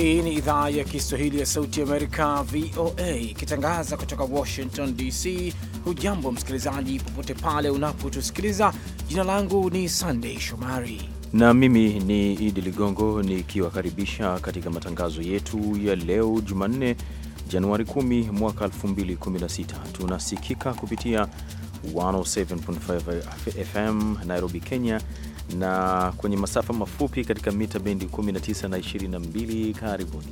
Hii ni idhaa ya Kiswahili ya Sauti ya Amerika, VOA, ikitangaza kutoka Washington DC. Hujambo msikilizaji, popote pale unapotusikiliza. Jina langu ni Sandei Shomari na mimi ni Idi Ligongo nikiwakaribisha katika matangazo yetu ya leo Jumanne, Januari 10 mwaka 2016. Tunasikika kupitia 107.5 FM Nairobi, Kenya na kwenye masafa mafupi katika mita bendi 19 na 22. Karibuni.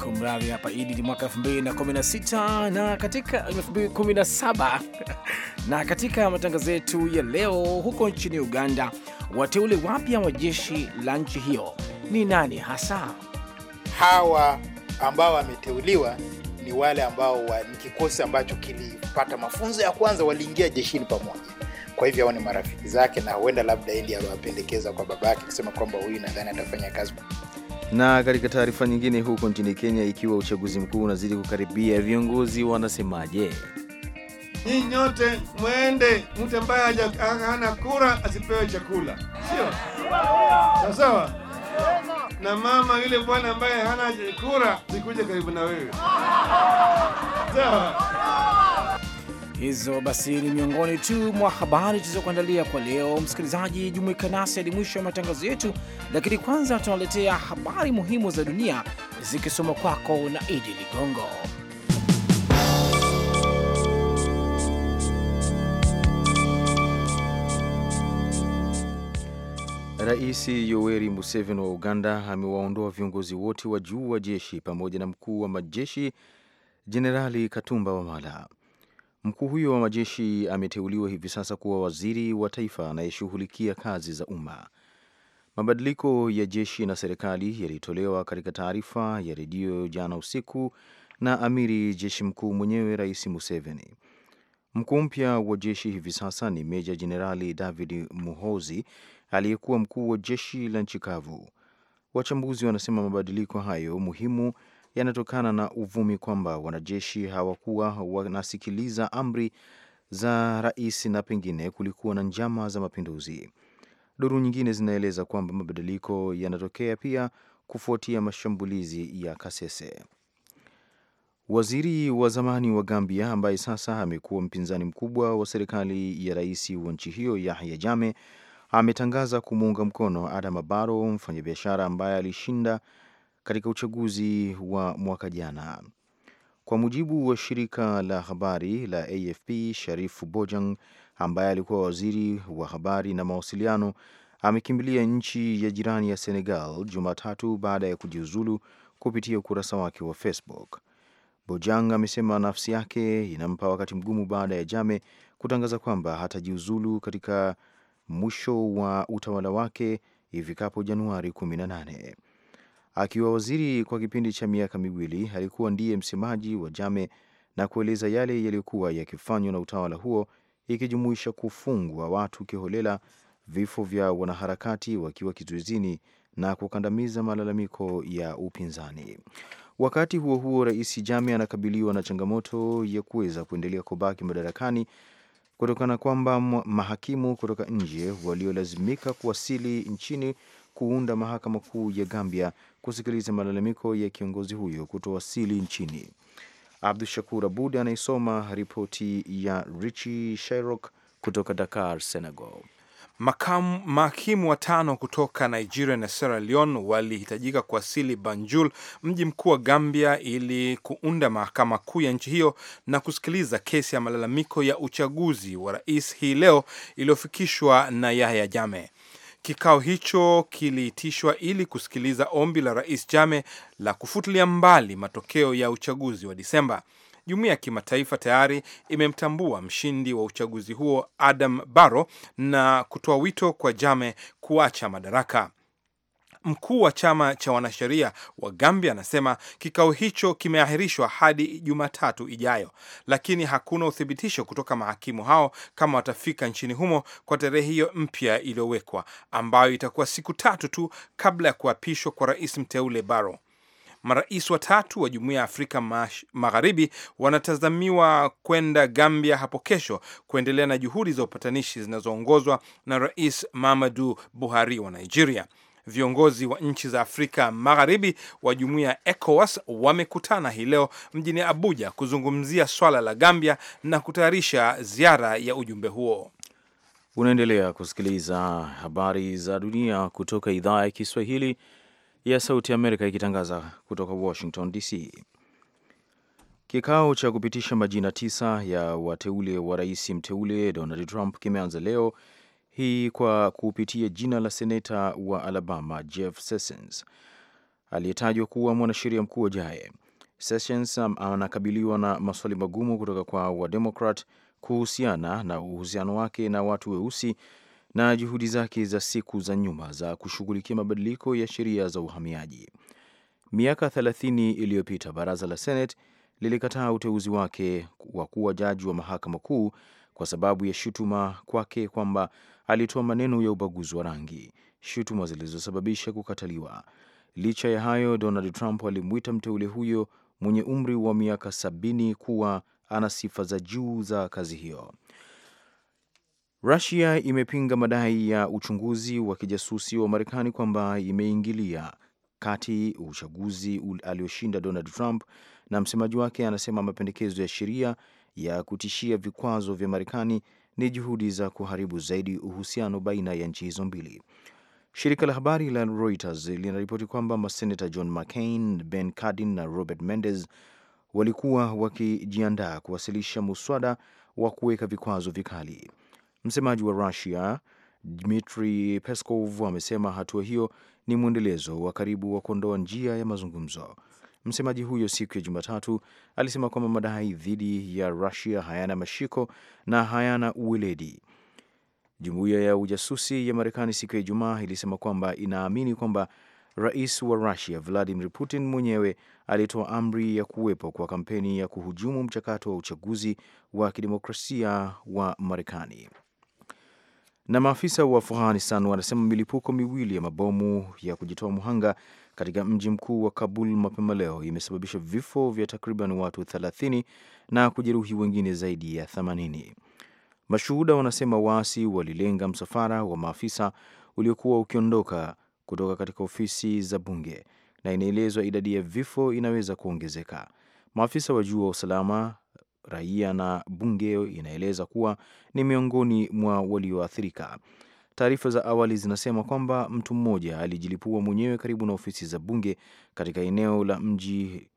Kumradhi, hapa Idi ni mwaka 2016 na katika 2017 na katika matangazo yetu ya leo, huko nchini Uganda wateule wapya wa jeshi la nchi hiyo ni nani hasa? Hawa ambao wameteuliwa ni wale ambao ni kikosi ambacho kilipata mafunzo ya kwanza, waliingia jeshini pamoja kwa hivyo hao ni marafiki zake, na huenda labda ili aliwapendekeza kwa babake kusema kwamba huyu nadhani atafanya kazi. Na katika taarifa nyingine, huko nchini Kenya, ikiwa uchaguzi mkuu unazidi kukaribia, viongozi wanasemaje? Nyinyi nyote mwende, mtu ambaye hana kura asipewe chakula, sio sawa sawa? Na mama yule bwana ambaye hana kura sikuje karibu na wewe, sawa? Hizo basi ni miongoni tu mwa habari tulizokuandalia kwa leo. Msikilizaji, jumuika nasi hadi mwisho wa matangazo yetu, lakini kwanza tunaletea habari muhimu za dunia zikisoma kwako na Idi Ligongo. Rais Yoweri Museveni wa Uganda amewaondoa viongozi wote wa juu wa jeshi pamoja na mkuu wa majeshi Jenerali Katumba Wamala. Mkuu huyo wa majeshi ameteuliwa hivi sasa kuwa waziri wa taifa anayeshughulikia kazi za umma. Mabadiliko ya jeshi na serikali yalitolewa katika taarifa ya redio jana usiku na amiri jeshi mkuu mwenyewe, Rais Museveni. Mkuu mpya wa jeshi hivi sasa ni Meja Jenerali David Muhozi aliyekuwa mkuu wa jeshi la nchi kavu. Wachambuzi wanasema mabadiliko hayo muhimu yanatokana na uvumi kwamba wanajeshi hawakuwa wanasikiliza amri za rais na pengine kulikuwa na njama za mapinduzi. Duru nyingine zinaeleza kwamba mabadiliko yanatokea pia kufuatia mashambulizi ya Kasese. Waziri wa zamani wa Gambia ambaye sasa amekuwa mpinzani mkubwa wa serikali ya rais wa nchi hiyo Yahya Jammeh ametangaza kumuunga mkono Adama Barrow, mfanyabiashara ambaye alishinda katika uchaguzi wa mwaka jana. Kwa mujibu wa shirika la habari la AFP, Sharifu Bojang ambaye alikuwa waziri wa habari na mawasiliano amekimbilia nchi ya jirani ya Senegal Jumatatu baada ya kujiuzulu kupitia ukurasa wake wa Facebook. Bojang amesema nafsi yake inampa wakati mgumu baada ya Jame kutangaza kwamba hatajiuzulu katika mwisho wa utawala wake ifikapo Januari 18. Akiwa waziri kwa kipindi cha miaka miwili, alikuwa ndiye msemaji wa Jame na kueleza yale yaliyokuwa yakifanywa na utawala huo, ikijumuisha kufungwa watu kiholela, vifo vya wanaharakati wakiwa kizuizini na kukandamiza malalamiko ya upinzani. Wakati huo huo, Rais Jame anakabiliwa na changamoto ya kuweza kuendelea kubaki madarakani kutokana kwamba mahakimu kutoka nje waliolazimika kuwasili nchini kuunda mahakama kuu ya Gambia kusikiliza malalamiko ya kiongozi huyo kutowasili nchini. Abdu Shakur Abud anaisoma ripoti ya Richi Shairok kutoka Dakar, Senegal. Makamu, mahakimu watano kutoka Nigeria na Sierra Leone walihitajika kuwasili Banjul, mji mkuu wa Gambia, ili kuunda mahakama kuu ya nchi hiyo na kusikiliza kesi ya malalamiko ya uchaguzi wa rais hii leo iliyofikishwa na Yahya jame Kikao hicho kiliitishwa ili kusikiliza ombi la Rais jame la kufutilia mbali matokeo ya uchaguzi wa Disemba. Jumuiya ya kimataifa tayari imemtambua mshindi wa uchaguzi huo Adam Barrow na kutoa wito kwa Jame kuacha madaraka. Mkuu wa chama cha wanasheria wa Gambia anasema kikao hicho kimeahirishwa hadi Jumatatu ijayo, lakini hakuna uthibitisho kutoka mahakimu hao kama watafika nchini humo kwa tarehe hiyo mpya iliyowekwa, ambayo itakuwa siku tatu tu kabla ya kuapishwa kwa rais mteule Barrow. Marais watatu wa Jumuiya ya Afrika Magharibi wanatazamiwa kwenda Gambia hapo kesho kuendelea na juhudi za upatanishi zinazoongozwa na Rais Mamadu Buhari wa Nigeria. Viongozi wa nchi za Afrika Magharibi wa jumuiya ya ECOWAS wamekutana hii leo mjini Abuja kuzungumzia swala la Gambia na kutayarisha ziara ya ujumbe huo. Unaendelea kusikiliza habari za dunia kutoka idhaa ya Kiswahili ya Sauti Amerika ikitangaza kutoka Washington DC. Kikao cha kupitisha majina tisa ya wateule wa rais mteule Donald Trump kimeanza leo hii kwa kupitia jina la seneta wa Alabama Jeff Sessions aliyetajwa kuwa mwanasheria mkuu ajaye. Sessions anakabiliwa na maswali magumu kutoka kwa Wademokrat kuhusiana na uhusiano wake na watu weusi na juhudi zake za siku za nyuma za kushughulikia mabadiliko ya sheria za uhamiaji. Miaka 30 iliyopita baraza la Senate lilikataa uteuzi wake wa kuwa jaji wa mahakama kuu kwa sababu ya shutuma kwake kwamba alitoa maneno ya ubaguzi wa rangi, shutuma zilizosababisha kukataliwa. Licha ya hayo, Donald Trump alimwita mteule huyo mwenye umri wa miaka sabini kuwa ana sifa za juu za kazi hiyo rusia imepinga madai ya uchunguzi wa kijasusi wa Marekani kwamba imeingilia kati uchaguzi alioshinda Donald Trump, na msemaji wake anasema mapendekezo ya sheria ya kutishia vikwazo vya Marekani ni juhudi za kuharibu zaidi uhusiano baina ya nchi hizo mbili. Shirika la habari la Reuters linaripoti kwamba masenata John McCain, Ben Cardin na Robert Mendez walikuwa wakijiandaa kuwasilisha muswada wa kuweka vikwazo vikali. Msemaji wa Rusia Dmitri Peskov amesema hatua hiyo ni mwendelezo wa karibu wa kuondoa njia ya mazungumzo. Msemaji huyo siku ya Jumatatu alisema kwamba madai dhidi ya Rusia hayana mashiko na hayana uweledi. Jumuiya ya ujasusi ya Marekani siku ya Ijumaa ilisema kwamba inaamini kwamba rais wa Rusia Vladimir Putin mwenyewe alitoa amri ya kuwepo kwa kampeni ya kuhujumu mchakato wa uchaguzi wa kidemokrasia wa Marekani. Na maafisa wa Afghanistan wanasema milipuko miwili ya mabomu ya kujitoa muhanga katika mji mkuu wa Kabul mapema leo imesababisha vifo vya takriban watu 30 na kujeruhi wengine zaidi ya 80. Mashuhuda wanasema waasi walilenga msafara wa maafisa uliokuwa ukiondoka kutoka katika ofisi za bunge, na inaelezwa idadi ya vifo inaweza kuongezeka. Maafisa wa juu wa usalama raia na bunge inaeleza kuwa ni miongoni mwa walioathirika. Taarifa za awali zinasema kwamba mtu mmoja alijilipua mwenyewe karibu na ofisi za bunge katika eneo la mji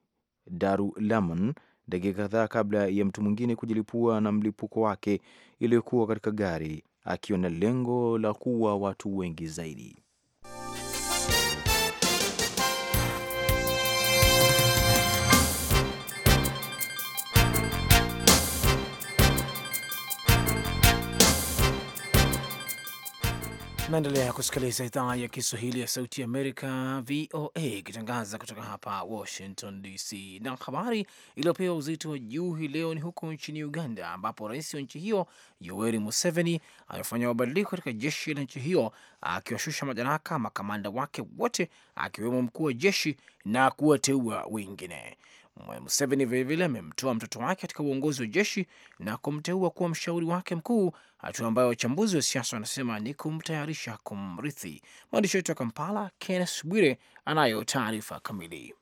Darulaman dakika kadhaa kabla ya mtu mwingine kujilipua na mlipuko wake iliyokuwa katika gari akiwa na lengo la kuua watu wengi zaidi. Tunaendelea kusikiliza idhaa ya Kiswahili ya Sauti ya Amerika, VOA, ikitangaza kutoka hapa Washington DC. Na habari iliyopewa uzito wa juu hii leo ni huko nchini Uganda, ambapo rais wa nchi hiyo Yoweri Museveni amefanya mabadiliko katika jeshi la nchi hiyo, akiwashusha madaraka makamanda wake wote, akiwemo mkuu wa jeshi na kuwateua wengine. Museveni vilevile amemtoa mtoto wake katika uongozi wa jeshi na kumteua kuwa mshauri wake mkuu, hatua ambayo wachambuzi wa siasa wanasema ni kumtayarisha kumrithi. Mwandishi wetu wa Kampala, Kenneth Bwire, anayo taarifa kamili.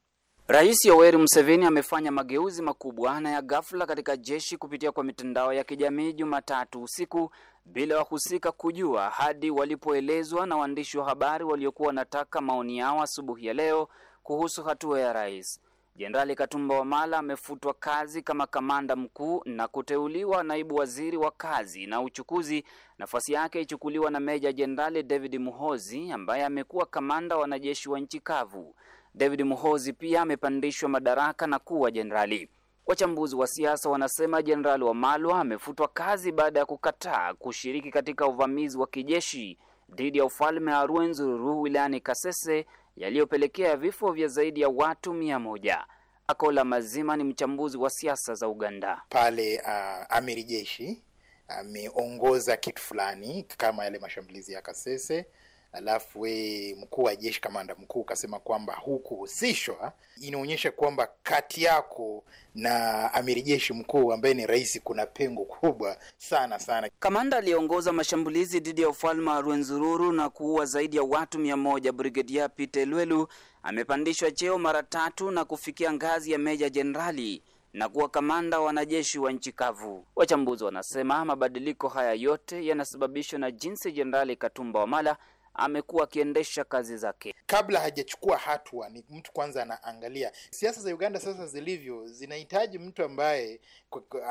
Rais Yoweri Museveni amefanya mageuzi makubwa na ya ghafla katika jeshi kupitia kwa mitandao ya kijamii Jumatatu usiku bila wahusika kujua hadi walipoelezwa na waandishi wa habari waliokuwa wanataka maoni yao asubuhi ya leo kuhusu hatua ya rais. Jenerali Katumba Wamala amefutwa kazi kama kamanda mkuu na kuteuliwa naibu waziri wa kazi na uchukuzi, nafasi yake ichukuliwa na Meja Jenerali David Muhozi ambaye amekuwa kamanda wa wanajeshi wa nchi kavu. David Muhozi pia amepandishwa madaraka na kuwa jenerali. Wachambuzi wa siasa wanasema Jenerali Wamalwa amefutwa kazi baada ya kukataa kushiriki katika uvamizi wa kijeshi dhidi ya ufalme wa Rwenzururu wilayani Kasese yaliyopelekea vifo vya zaidi ya watu mia moja. Akola Mazima ni mchambuzi wa siasa za Uganda. Pale uh, amiri jeshi ah, ameongoza kitu fulani kama yale mashambulizi ya Kasese alafu we mkuu wa jeshi kamanda mkuu kasema kwamba hukuhusishwa, inaonyesha kwamba kati yako na amiri jeshi mkuu ambaye ni rais kuna pengo kubwa sana sana. Kamanda aliyeongoza mashambulizi dhidi ya ufalme wa Rwenzururu na kuua zaidi ya watu mia moja, Brigedia Pite Lwelu amepandishwa cheo mara tatu na kufikia ngazi ya meja jenerali na kuwa kamanda wa wanajeshi wa nchi kavu. Wachambuzi wanasema mabadiliko haya yote yanasababishwa na jinsi Jenerali Katumba Wamala amekuwa akiendesha kazi zake kabla hajachukua hatua. Ni mtu kwanza anaangalia siasa za Uganda sasa zilivyo, zinahitaji mtu ambaye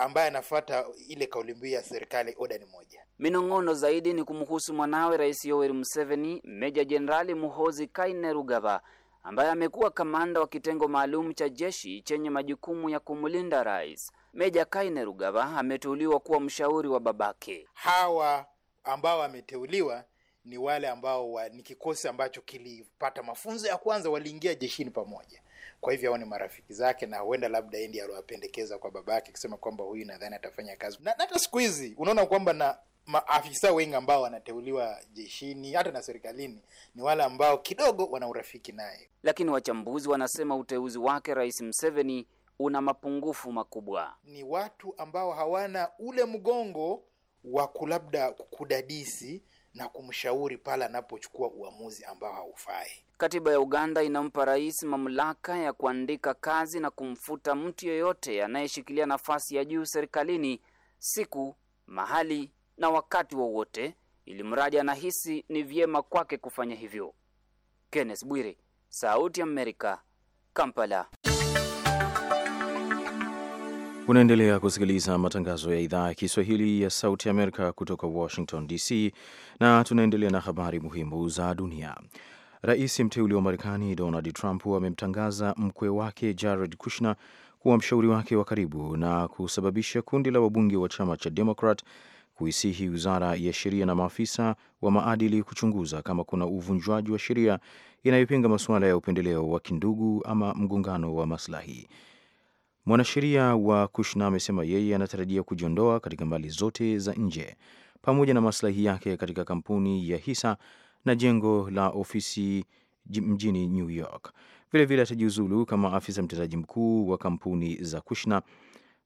ambaye anafuata ile kauli mbiu ya serikali, oda ni moja. Minong'ono zaidi ni kumhusu mwanawe Rais Yoweri Museveni, Meja Jenerali Muhozi Kainerugaba ambaye amekuwa kamanda wa kitengo maalum cha jeshi chenye majukumu ya kumlinda rais. Meja Kainerugaba ameteuliwa kuwa mshauri wa babake. Hawa ambao ameteuliwa ni wale ambao wa, ni kikosi ambacho kilipata mafunzo ya kwanza, waliingia jeshini pamoja. Kwa hivyo hao ni marafiki zake, na huenda labda ndiye aliwapendekeza kwa babake, akisema kwamba huyu nadhani atafanya kazi. Na hata siku hizi unaona kwamba na maafisa wengi ambao wanateuliwa jeshini hata na serikalini ni wale ambao kidogo wana urafiki naye, lakini wachambuzi wanasema uteuzi wake Rais mseveni una mapungufu makubwa. Ni watu ambao hawana ule mgongo wa kulabda kudadisi na kumshauri pale anapochukua uamuzi ambao haufai. Katiba ya Uganda inampa rais mamlaka ya kuandika kazi na kumfuta mtu yeyote anayeshikilia nafasi ya juu serikalini siku, mahali na wakati wowote wa ili mradi anahisi ni vyema kwake kufanya hivyo. Kenneth Bwire, Sauti ya Amerika, Kampala. Unaendelea kusikiliza matangazo ya idhaa ya Kiswahili ya Sauti Amerika kutoka Washington DC, na tunaendelea na habari muhimu za dunia. Rais mteuli wa Marekani Donald Trump amemtangaza mkwe wake Jared Kushner kuwa mshauri wake wa karibu na kusababisha kundi la wabunge wa chama cha Demokrat kuisihi wizara ya sheria na maafisa wa maadili kuchunguza kama kuna uvunjwaji wa sheria inayopinga masuala ya upendeleo wa kindugu ama mgongano wa maslahi. Mwanasheria wa Kushna amesema yeye anatarajia kujiondoa katika mali zote za nje pamoja na maslahi yake katika kampuni ya hisa na jengo la ofisi mjini New York. Vilevile atajiuzulu kama afisa mtendaji mkuu wa kampuni za Kushna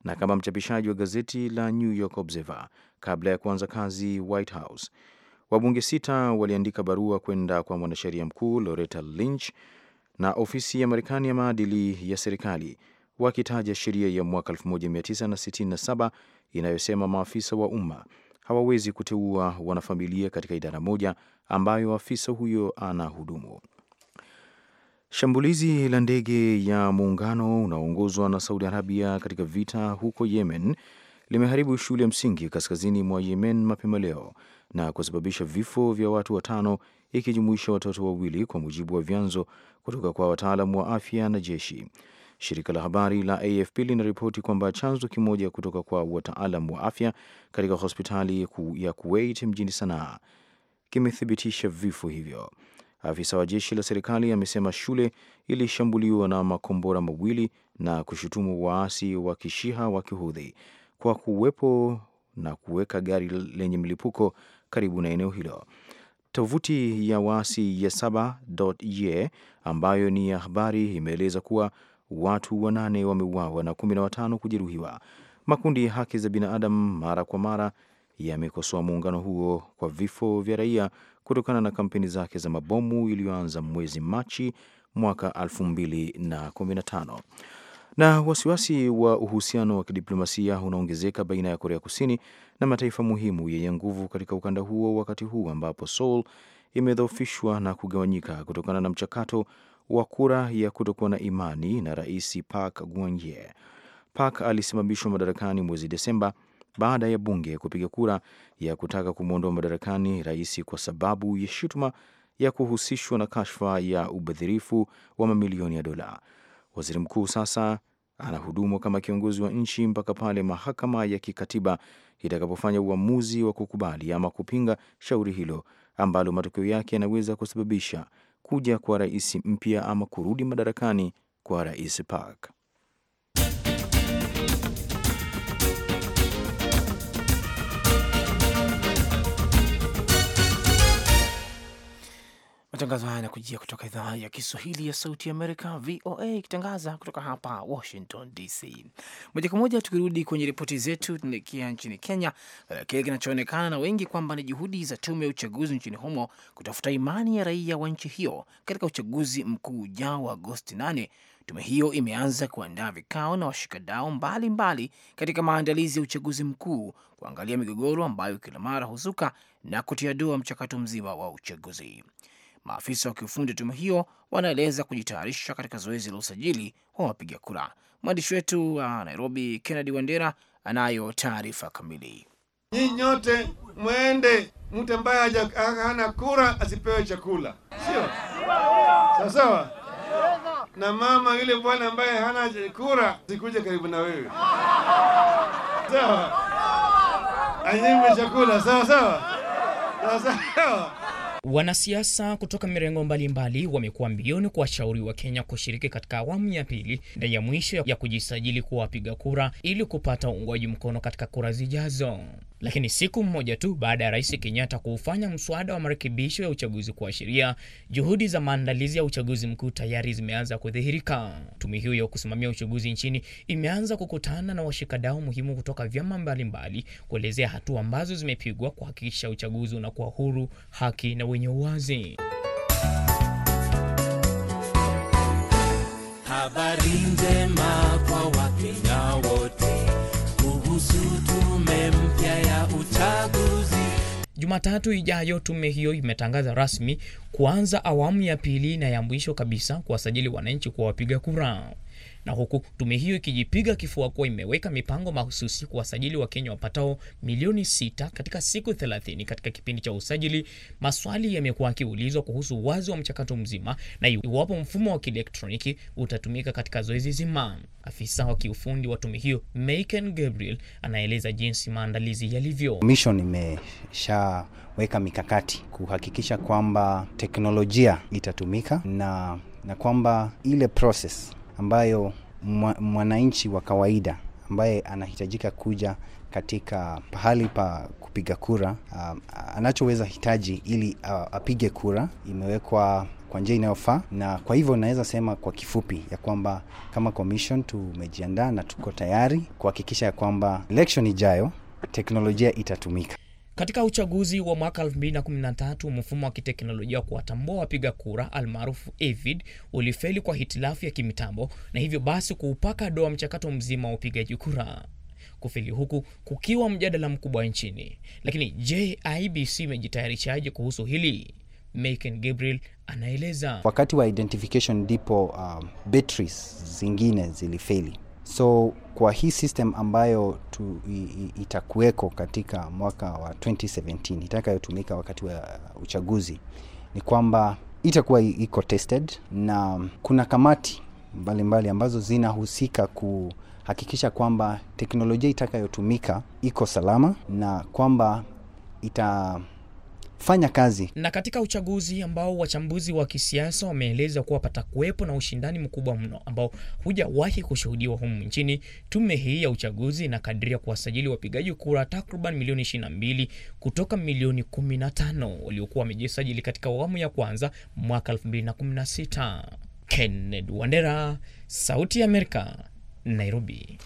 na kama mchapishaji wa gazeti la New York Observer kabla ya kuanza kazi White House. Wabunge sita waliandika barua kwenda kwa mwanasheria mkuu Loretta Lynch na ofisi ya Marekani ya maadili ya serikali wakitaja sheria ya mwaka 1967 inayosema maafisa wa umma hawawezi kuteua wanafamilia katika idara moja ambayo afisa huyo ana hudumu. Shambulizi la ndege ya muungano unaoongozwa na Saudi Arabia katika vita huko Yemen limeharibu shule msingi kaskazini mwa Yemen mapema leo na kusababisha vifo vya watu watano ikijumuisha watoto wawili, kwa mujibu wa vyanzo kutoka kwa wataalamu wa afya na jeshi. Shirika la habari la AFP linaripoti kwamba chanzo kimoja kutoka kwa wataalam wa afya katika hospitali ya Kuwait mjini Sanaa kimethibitisha vifo hivyo. Afisa wa jeshi la serikali amesema shule ilishambuliwa na makombora mawili na kushutumu waasi wa kishiha wa kihudhi kwa kuwepo na kuweka gari lenye mlipuko karibu na eneo hilo. Tovuti ya waasi ya saba.ye ambayo ni ya habari imeeleza kuwa watu wanane wameuawa na kumi na watano kujeruhiwa. Makundi ya haki za binadamu mara kwa mara yamekosoa muungano huo kwa vifo vya raia kutokana na kampeni zake za mabomu iliyoanza mwezi Machi mwaka 2015. Na wasiwasi wa uhusiano wa kidiplomasia unaongezeka baina ya Korea Kusini na mataifa muhimu yenye nguvu katika ukanda huo wakati huu ambapo Seoul imedhoofishwa na kugawanyika kutokana na mchakato wa kura ya kutokuwa na imani na rais Park geun pak Park alisimamishwa madarakani mwezi Desemba baada ya bunge kupiga kura ya kutaka kumwondoa madarakani rais kwa sababu ya shutuma ya kuhusishwa na kashfa ya ubadhirifu wa mamilioni ya dola. Waziri mkuu sasa anahudumwa kama kiongozi wa nchi mpaka pale mahakama ya kikatiba itakapofanya uamuzi wa kukubali ama kupinga shauri hilo ambalo matokeo yake yanaweza kusababisha kuja kwa rais mpya ama kurudi madarakani kwa rais Park. Matangazo haya yanakujia kutoka idhaa ya Kiswahili ya Sauti ya Amerika, VOA, ikitangaza kutoka hapa Washington DC moja kwa moja. Tukirudi kwenye ripoti zetu, tunaelekea nchini Kenya, eh, kile kinachoonekana na wengi kwamba ni juhudi za tume ya uchaguzi nchini humo kutafuta imani ya raia wa nchi hiyo katika uchaguzi mkuu ujao wa Agosti 8. Tume hiyo imeanza kuandaa vikao na washikadao mbalimbali katika maandalizi ya uchaguzi mkuu, kuangalia migogoro ambayo kila mara huzuka na kutia doa mchakato mzima wa uchaguzi. Maafisa wa kiufundi tume hiyo wanaeleza kujitayarisha katika zoezi la usajili wa wapiga kura. Mwandishi wetu wa Nairobi, Kennedy Wandera, anayo taarifa kamili. Nyinyi nyote mwende, mtu ambaye hana kura asipewe chakula, sio sawasawa? Na mama yule bwana ambaye hana kura sikuja karibu na wewe, sawa? Anyime chakula, sawa sawa, sawa sawa. Wanasiasa kutoka mirengo mbalimbali wamekuwa mbioni kuwashauri wa Kenya kushiriki katika awamu ya pili na ya mwisho ya kujisajili kuwa wapiga kura ili kupata uungwaji mkono katika kura zijazo. Lakini siku mmoja tu baada ya Rais Kenyatta kuufanya mswada wa marekebisho ya uchaguzi kuwa sheria, juhudi za maandalizi ya uchaguzi mkuu tayari zimeanza kudhihirika. Tume hiyo ya kusimamia uchaguzi nchini imeanza kukutana na washikadau muhimu kutoka vyama mbalimbali kuelezea hatua ambazo zimepigwa kuhakikisha uchaguzi unakuwa huru, haki na wenye uwazi. Habari njema kwa Wakenya wote. Jumatatu ijayo tume hiyo imetangaza rasmi kuanza awamu ya pili na ya mwisho kabisa kuwasajili wananchi kwa wapiga kura na huku tume hiyo ikijipiga kifua kuwa imeweka mipango mahususi kuwasajili Wakenya wapatao milioni sita katika siku thelathini. Katika kipindi cha usajili, maswali yamekuwa akiulizwa kuhusu wazi wa mchakato mzima na iwapo mfumo wa kielektroniki utatumika katika zoezi zima. Afisa wa kiufundi wa tume hiyo Maken Gabriel anaeleza jinsi maandalizi yalivyo. Mission imeshaweka mikakati kuhakikisha kwamba teknolojia itatumika na, na kwamba ile process ambayo mwananchi wa kawaida ambaye anahitajika kuja katika pahali pa kupiga kura uh, anachoweza hitaji ili uh, apige kura imewekwa kwa njia inayofaa, na kwa hivyo naweza sema kwa kifupi ya kwamba kama commission tumejiandaa na tuko tayari kuhakikisha ya kwamba election ijayo teknolojia itatumika. Katika uchaguzi wa mwaka 2013 mfumo wa kiteknolojia wa kuwatambua wapiga kura almaarufu AVID ulifeli kwa hitilafu ya kimitambo na hivyo basi kuupaka doa mchakato mzima wa upigaji kura. Kufeli huku kukiwa mjadala mkubwa nchini. Lakini je, IEBC imejitayarishaje kuhusu hili? Maken Gabriel anaeleza. Wakati wa identification ndipo um, batteries zingine zilifeli So kwa hii system ambayo tu, itakuweko katika mwaka wa 2017 itakayotumika wakati wa uchaguzi ni kwamba itakuwa iko tested na kuna kamati mbalimbali mbali ambazo zinahusika kuhakikisha kwamba teknolojia itakayotumika iko salama na kwamba ita fanya kazi. Na katika uchaguzi ambao wachambuzi wa kisiasa wameeleza kuwa patakuwepo na ushindani mkubwa mno ambao hujawahi kushuhudiwa humu nchini, tume hii ya uchaguzi inakadiria kuwasajili wapigaji kura takriban milioni 22 kutoka milioni 15 waliokuwa wamejisajili katika awamu ya kwanza mwaka 2016. Kenneth Wandera, Sauti ya Amerika, Nairobi.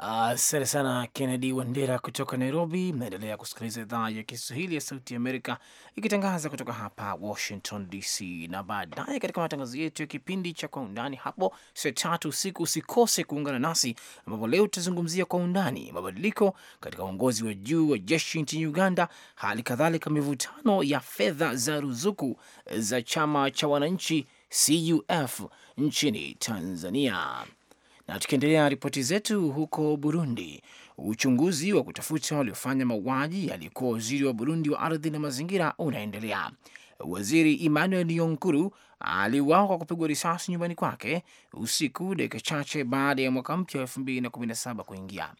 Asante uh, sana Kennedy Wandera kutoka Nairobi. Mnaendelea kusikiliza idhaa ya Kiswahili ya Sauti Amerika ikitangaza kutoka hapa Washington DC, na baadaye katika matangazo yetu ya kipindi cha Kwa Undani hapo saa tatu usiku usikose kuungana nasi, ambapo leo tutazungumzia kwa undani mabadiliko katika uongozi wa juu wa jeshi nchini Uganda, hali kadhalika mivutano ya fedha za ruzuku za chama cha wananchi CUF nchini Tanzania. Na tukiendelea ripoti zetu huko Burundi, uchunguzi wa kutafuta waliofanya mauaji aliyekuwa waziri wa Burundi wa ardhi na mazingira unaendelea. Waziri Emmanuel Yonkuru aliuawa kwa kupigwa risasi nyumbani kwake usiku, dakika chache baada ya mwaka mpya wa elfu mbili na kumi na saba kuingia.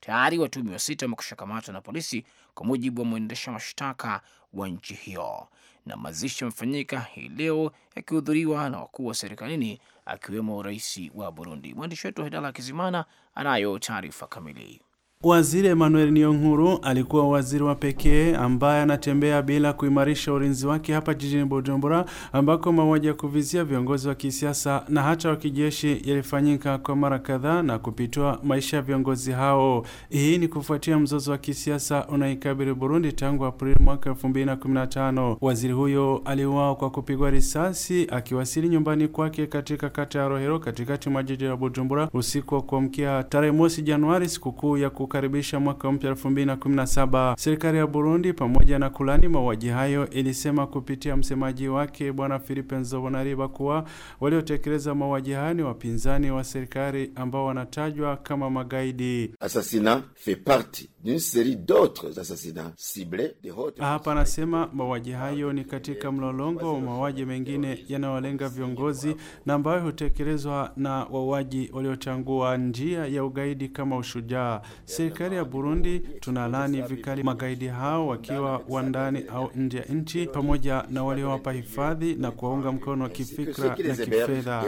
Tayari watumi wa sita wamekusha kamatwa na polisi, kwa mujibu wa mwendesha mashtaka wa nchi hiyo. Na mazishi yamefanyika hii leo yakihudhuriwa na wakuu wa serikalini akiwemo rais wa Burundi. Mwandishi wetu Haidala Kizimana anayo taarifa kamili. Waziri Emmanuel Niyonkuru alikuwa waziri wa pekee ambaye anatembea bila kuimarisha ulinzi wake hapa jijini Bujumbura, ambako mauaji ya kuvizia viongozi wa kisiasa na hata wa kijeshi yalifanyika kwa mara kadhaa na kupitwa maisha ya viongozi hao. Hii ni kufuatia mzozo wa kisiasa unaikabili Burundi tangu Aprili mwaka 2015. Waziri huyo aliuawa kwa kupigwa risasi akiwasili nyumbani kwake katika kata ya Rohero katikati mwa jiji la Bujumbura usiku wa kuamkia tarehe mosi Januari, sikukuu ya kukaribisha mwaka mpya 2017. Serikali ya Burundi pamoja na kulani mauaji hayo ilisema kupitia msemaji wake Bwana Philippe Nzobonariba kuwa waliotekeleza mauaji hayo ni wapinzani wa serikali ambao wanatajwa kama magaidi. Assassinat fait partie d'une serie d'autres assassinats ciblés de haute. Hapa anasema mauaji hayo ni katika mlolongo wa mauaji mengine yanayolenga viongozi na ambayo hutekelezwa na wauaji waliochangua njia ya ugaidi kama ushujaa. Serikali ya Burundi tunalani vikali magaidi hao wakiwa wa ndani au nje ya nchi, pamoja na waliowapa hifadhi na kuwaunga mkono kifikra na kifedha.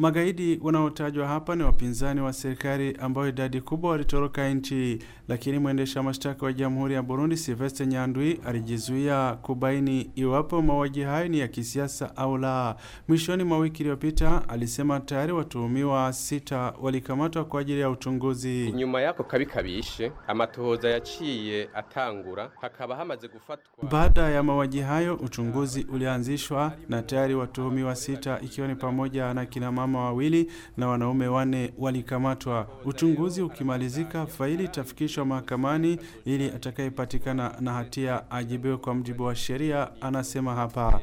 Magaidi wanaotajwa hapa ni wapinzani wa serikali ambao idadi kubwa walitoroka nchi, lakini mwendesha mashtaka wa Jamhuri ya Burundi Sylvestre Nyandwi alijizuia kubaini iwapo mauaji hayo ni ya kisiasa au la. Mwishoni mwa wiki iliyopita alisema tayari watuhumiwa sita walikamatwa kwa ajili ya uchunguzi. nyuma yako kabikabishe amatohoza yaciye atangura hakaba hamaze gufatwa. Baada ya mauaji hayo uchunguzi ulianzishwa na tayari watuhumiwa sita ikiwa ni pamoja na kina mama mama wawili na wanaume wane walikamatwa. Uchunguzi ukimalizika, faili itafikishwa mahakamani ili atakayepatikana na hatia ajibiwe kwa mjibu wa sheria, anasema hapa.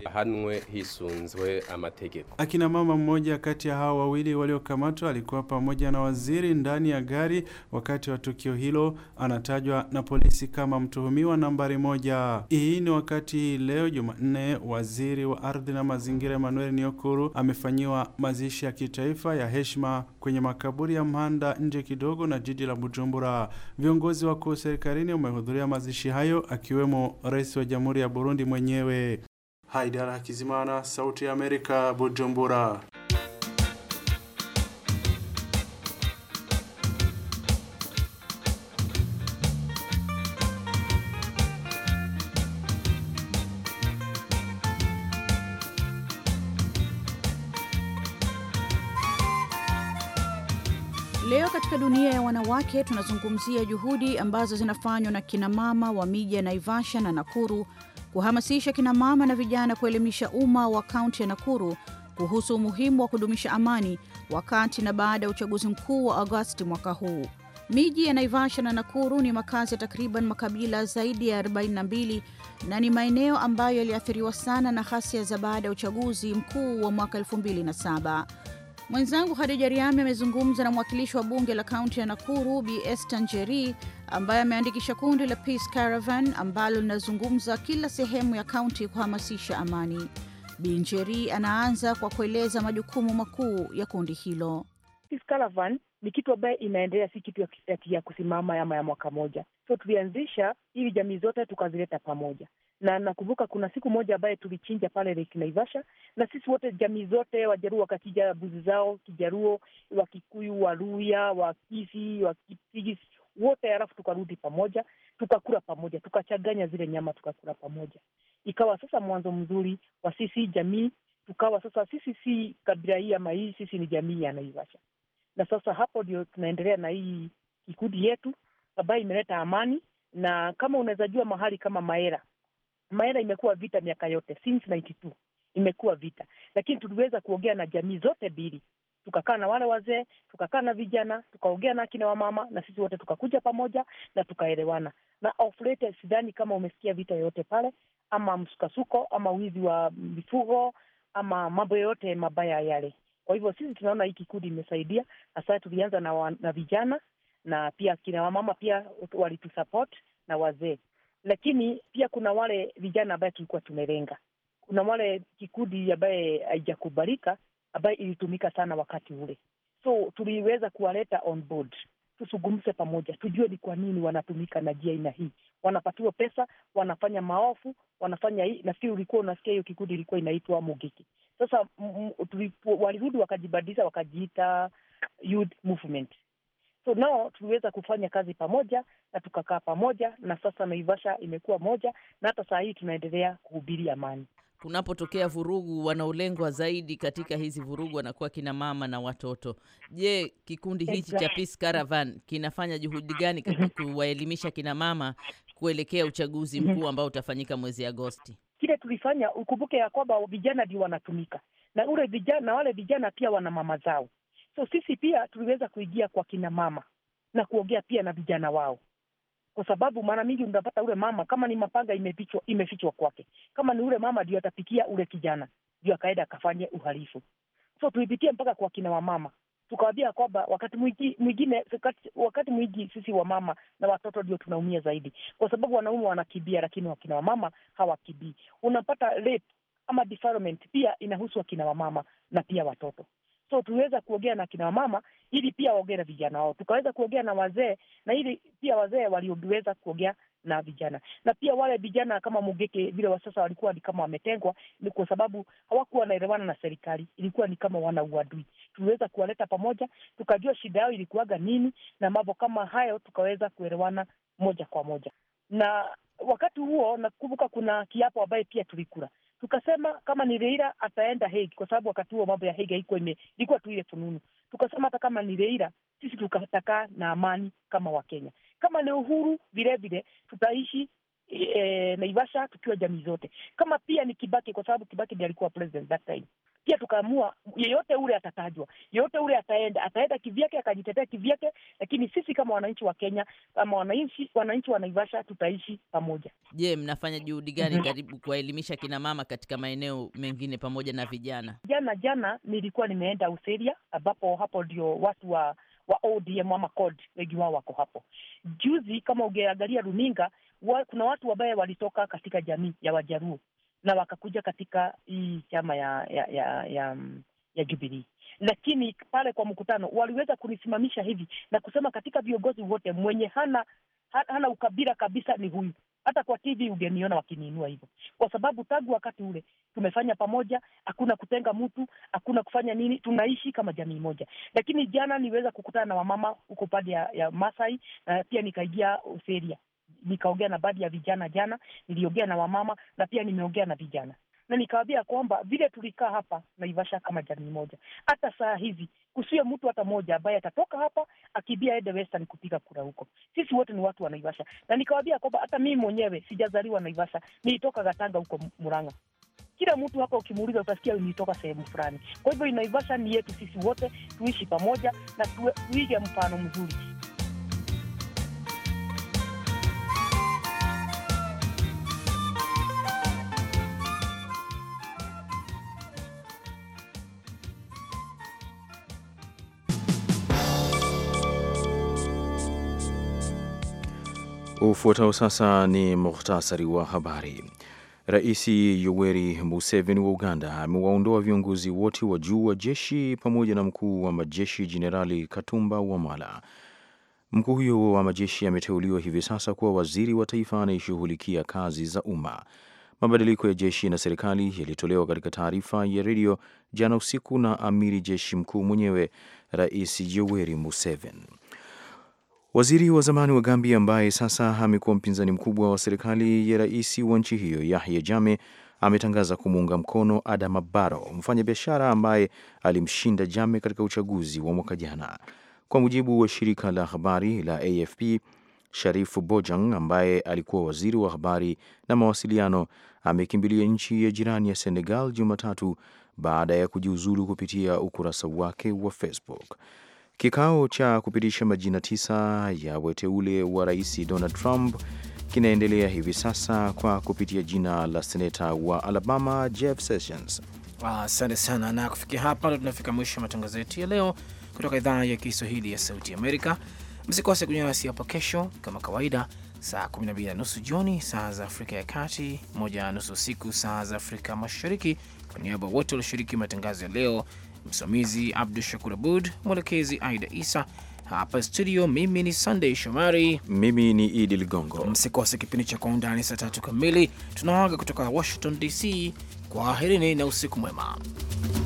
Akina mama mmoja kati ya hao wawili waliokamatwa alikuwa pamoja na waziri ndani ya gari wakati wa tukio hilo, anatajwa na polisi kama mtuhumiwa nambari moja. Hii ni wakati leo Jumanne waziri wa ardhi na mazingira Emmanuel Niokuru amefanyiwa mazishi kitaifa ya heshima kwenye makaburi ya Mhanda nje kidogo na jiji la Bujumbura. Viongozi wakuu serikalini wamehudhuria mazishi hayo akiwemo Rais wa Jamhuri ya Burundi mwenyewe. Haidara Kizimana, Sauti ya Amerika, Bujumbura. katika dunia ya wanawake tunazungumzia juhudi ambazo zinafanywa na kinamama wa miji ya Naivasha na Nakuru kuhamasisha kinamama na vijana kuelimisha umma wa kaunti ya Nakuru kuhusu umuhimu wa kudumisha amani wakati na baada ya uchaguzi mkuu wa Agosti mwaka huu. Miji ya Naivasha na Nakuru ni makazi ya takriban makabila zaidi ya 42 na ni maeneo ambayo yaliathiriwa sana na ghasia za baada ya uchaguzi mkuu wa mwaka 2007. Mwenzangu Hadija Riami amezungumza na mwakilishi wa bunge la kaunti ya Nakuru Bi Esther Njeri ambaye ameandikisha kundi la Peace Caravan ambalo linazungumza kila sehemu ya kaunti kuhamasisha amani. Bi Njeri anaanza kwa kueleza majukumu makuu ya kundi hilo. Peace Caravan ni kitu ambaye inaendelea, si kitu ya kusimama ama ya mwaka moja. So tulianzisha ili jamii zote tukazileta pamoja, na nakumbuka kuna siku moja ambaye tulichinja pale Lake Naivasha, na sisi wote jamii zote Wajaruo wakachinja buzi zao, Kijaruo, Wakikuyu, Waluya, Wakisi, Wakipsigis wote, alafu tukarudi pamoja, tukakula pamoja, tukachanganya zile nyama, tukakula pamoja. Ikawa sasa mwanzo mzuri wa sisi jamii, tukawa sasa sisi si kabila hii ama hii, sisi ni jamii ya Naivasha. Na sasa hapo ndio tunaendelea na hii kikundi yetu ambayo imeleta amani, na kama unaweza jua mahali kama Maera maana imekuwa vita miaka yote since 92 imekuwa vita, lakini tuliweza kuongea na jamii zote mbili, tukakaa na wale wazee, tukakaa na vijana, tukaongea na akina wamama, na sisi wote tukakuja pamoja na tukaelewana. Na sidhani kama umesikia vita yoyote pale, ama msukasuko, ama wizi wa mifugo, ama mambo yoyote mabaya yale. Kwa hivyo sisi tunaona hii kikundi imesaidia hasa. Tulianza na, wa, na vijana na pia akina wamama pia walitusupport na wazee lakini pia kuna wale vijana ambaye tulikuwa tumelenga. Kuna wale kikundi ambaye haijakubalika ambaye ilitumika sana wakati ule, so tuliweza kuwaleta on board, tuzungumze pamoja, tujue ni kwa nini wanatumika na jia aina hii, wanapatiwa pesa, wanafanya maofu, wanafanya hii. Nafikiri ulikuwa unasikia hiyo kikundi ilikuwa inaitwa Mugiki. Sasa mm, mm, walirudi wakajibadilisha, wakajiita Youth Movement So nao tuliweza kufanya kazi pamoja na tukakaa pamoja, na sasa Naivasha imekuwa moja, na hata saa hii tunaendelea kuhubiri amani. Kunapotokea vurugu, wanaolengwa zaidi katika hizi vurugu wanakuwa kina mama na watoto. Je, kikundi hichi exactly, cha Peace Caravan kinafanya juhudi gani mhm. kuwaelimisha kina mama kuelekea uchaguzi mhm. mkuu ambao utafanyika mwezi Agosti? Kile tulifanya, ukumbuke ya kwamba vijana ndio wanatumika na ule vijana, wale vijana pia wana mama zao So sisi pia tuliweza kuingia kwa kina mama na kuongea pia na vijana wao, kwa sababu mara mingi unapata ule mama kama ni mapanga imefichwa, imefichwa kwake, kama ni ule mama ndio atapikia ule kijana ndio akaenda akafanye uhalifu. So tulipitia mpaka kwa kina wamama, tukawaambia kwamba wakati mwingine, wakati mwingi sisi wamama na watoto ndio tunaumia zaidi, kwa sababu wanaume wanakibia lakini wakina wamama hawakibii Unapata rape ama defilement pia inahusu wakina wamama na pia watoto. So tuliweza kuongea na kina mama ili pia waongee na vijana wao, tukaweza kuongea na wazee na ili pia wazee waliweza kuongea na vijana, na pia wale vijana kama Mugeke vile wa sasa walikuwa ni kama wametengwa, ni kwa sababu hawakuwa wanaelewana na serikali, ilikuwa ni kama wana uadui. Tuliweza kuwaleta pamoja, tukajua shida yao ilikuwaga nini na mambo kama hayo, tukaweza kuelewana moja kwa moja. Na wakati huo nakumbuka kuna kiapo ambaye pia tulikula Tukasema kama ni Raila ataenda Hague, kwa sababu wakati huo mambo ya Hague haikuwa ime, ilikuwa tu ile fununu. Tukasema hata kama ni Raila, sisi tukataka na amani kama wa kenya kama ni Uhuru vilevile tutaishi e, Naivasha tukiwa jamii zote, kama pia ni Kibaki, kwa sababu Kibaki ndiye alikuwa president that time pia tukaamua yeyote ule atatajwa, yeyote ule ataenda, ataenda kivyake, akajitetea kivyake, lakini sisi kama wananchi wa Kenya, kama wananchi wananchi wa Naivasha tutaishi pamoja. Je, mnafanya juhudi gani mhm. karibu kuwaelimisha kina mama katika maeneo mengine pamoja na vijana? Jana jana nilikuwa nimeenda Useria, ambapo hapo ndio watu wa wa ODM ama CORD wengi wao wako hapo. Juzi kama ungeangalia runinga wa, kuna watu ambaye walitoka katika jamii ya Wajaruo na wakakuja katika hii chama ya ya ya, ya, ya Jubilii, lakini pale kwa mkutano waliweza kulisimamisha hivi na kusema katika viongozi wote mwenye hana hana ukabila kabisa ni huyu. Hata kwa TV ungeniona wakiniinua hivyo, kwa sababu tangu wakati ule tumefanya pamoja, hakuna kutenga mtu, hakuna kufanya nini, tunaishi kama jamii moja. Lakini jana niweza kukutana na wamama huko pande ya, ya Masai na pia nikaingia Oseria nikaongea na baadhi ya vijana jana, niliongea na wamama na pia nimeongea na vijana na nikawaambia kwamba vile tulikaa hapa Naivasha kama jamii moja, hata saa hizi kusiwe mtu hata mmoja ambaye atatoka hapa akibia ede Western kupiga kura huko. Sisi wote ni watu wa Naivasha, na nikawaambia kwamba hata mimi mwenyewe sijazaliwa Naivasha, nilitoka Gatanga huko Murang'a. Kila mtu hapa ukimuuliza utasikia nilitoka sehemu fulani. Kwa hivyo Naivasha ni yetu sisi wote, tuishi pamoja na tuige mfano mzuri. Ufuatao sasa ni muhtasari wa habari. Rais Yoweri Museveni wa Uganda amewaondoa viongozi wote wa juu wa jeshi pamoja na mkuu wa majeshi Jenerali Katumba Wamala. Mkuu huyo wa majeshi ameteuliwa hivi sasa kuwa waziri wa taifa anayeshughulikia kazi za umma. Mabadiliko ya jeshi na serikali yalitolewa katika taarifa ya redio jana usiku na amiri jeshi mkuu mwenyewe, Rais Yoweri Museveni. Waziri wa zamani wa Gambia ambaye sasa amekuwa mpinzani mkubwa wa serikali ya rais wa nchi hiyo Yahya Jammeh ametangaza kumuunga mkono Adama Barrow, mfanyabiashara ambaye alimshinda Jammeh katika uchaguzi wa mwaka jana. Kwa mujibu wa shirika la habari la AFP, Sharifu Bojang ambaye alikuwa waziri wa habari na mawasiliano amekimbilia nchi ya jirani ya Senegal Jumatatu baada ya kujiuzulu kupitia ukurasa wake wa Facebook. Kikao cha kupitisha majina tisa ya wateule wa rais Donald Trump kinaendelea hivi sasa kwa kupitia jina la seneta wa Alabama Jeff Sessions. Asante ah, sana. Na kufikia hapa ndo tunafika mwisho wa matangazo yetu ya leo kutoka idhaa ya Kiswahili ya Sauti Amerika. Msikose kunywa nasi hapo kesho kama kawaida saa 12 na nusu jioni saa za Afrika ya Kati, moja na nusu usiku saa za Afrika Mashariki. Kwa niaba wote walioshiriki matangazo ya leo, msimamizi Abdu Shakur Abud, mwelekezi Aida Isa. Hapa studio, mimi ni sandey Shomari, mimi ni Idi Ligongo. Msikose kipindi cha Kwa Undani saa tatu kamili. Tunawaaga kutoka Washington DC. kwa aherini na usiku mwema.